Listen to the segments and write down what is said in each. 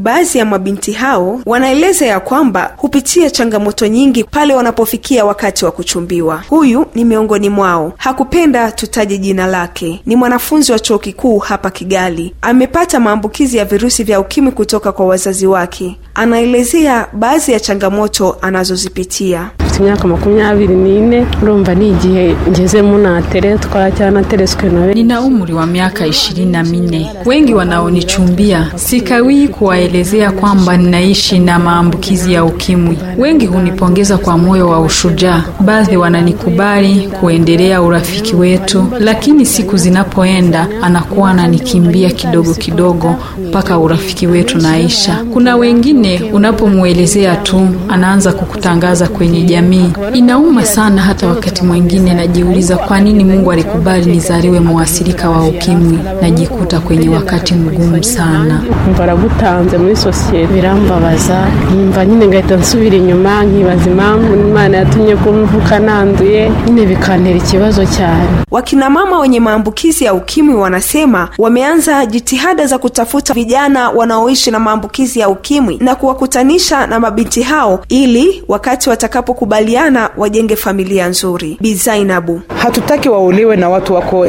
Baadhi ya mabinti hao wanaeleza ya kwamba hupitia changamoto nyingi pale wanapofikia wakati wa kuchumbiwa. Huyu ni miongoni mwao, hakupenda tutaje jina lake. Ni mwanafunzi wa chuo kikuu hapa Kigali, amepata maambukizi ya virusi vya ukimwi kutoka kwa wazazi wake. Anaelezea baadhi ya changamoto anazozipitia mfite imyaka makumyabiri n'ine urumva ni igihe mu natere twacyanateleswe nawe nina umri wa miaka ishirini na minne. Wengi wanaonichumbia sikawii kuwaelezea kwamba ninaishi na maambukizi ya ukimwi. Wengi hunipongeza kwa moyo wa ushujaa, baadhi wananikubali kuendelea urafiki wetu, lakini siku zinapoenda anakuwa ananikimbia kidogo kidogo mpaka urafiki wetu naisha. Kuna wengine unapomwelezea tu anaanza kukutangaza kwenye jamii jamii. Inauma sana, hata wakati mwingine najiuliza kwa nini Mungu alikubali nizaliwe muasirika wa ukimwi. Najikuta kwenye wakati mgumu sana. mbaragutanze muri sosiyete birambabaza nyumva nyine ngahita nsubira inyuma nkibaza impamvu Imana yatumye kumvuka nanduye nyine bikantera ikibazo cyane. Wakina mama wenye maambukizi ya ukimwi wanasema wameanza jitihada za kutafuta vijana wanaoishi na maambukizi ya ukimwi na kuwakutanisha na mabinti hao ili wakati watakapo wamekubaliana wajenge familia nzuri. Bi Zainabu: hatutaki waolewe na watu wako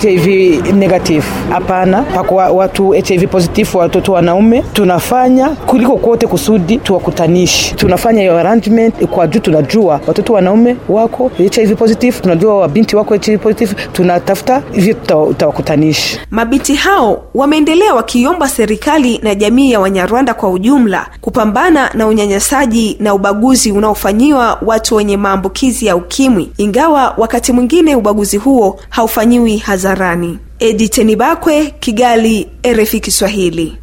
HIV negative, hapana. pako watu HIV positive, watoto wanaume, tunafanya kuliko kote kusudi tuwakutanishi, tunafanya hiyo arrangement kwa juu, tunajua watoto wanaume wako HIV positive, tunajua wabinti wako HIV positive, tunatafuta hivyo tutawakutanishi. Mabinti hao wameendelea wakiomba serikali na jamii ya Wanyarwanda kwa ujumla kupambana na unyanyasaji na ubaguzi unaofanyiwa watu wenye maambukizi ya ukimwi, ingawa wakati mwingine ubaguzi huo haufanyiwi hadharani. Edi Tenibakwe, Kigali, RFI Kiswahili.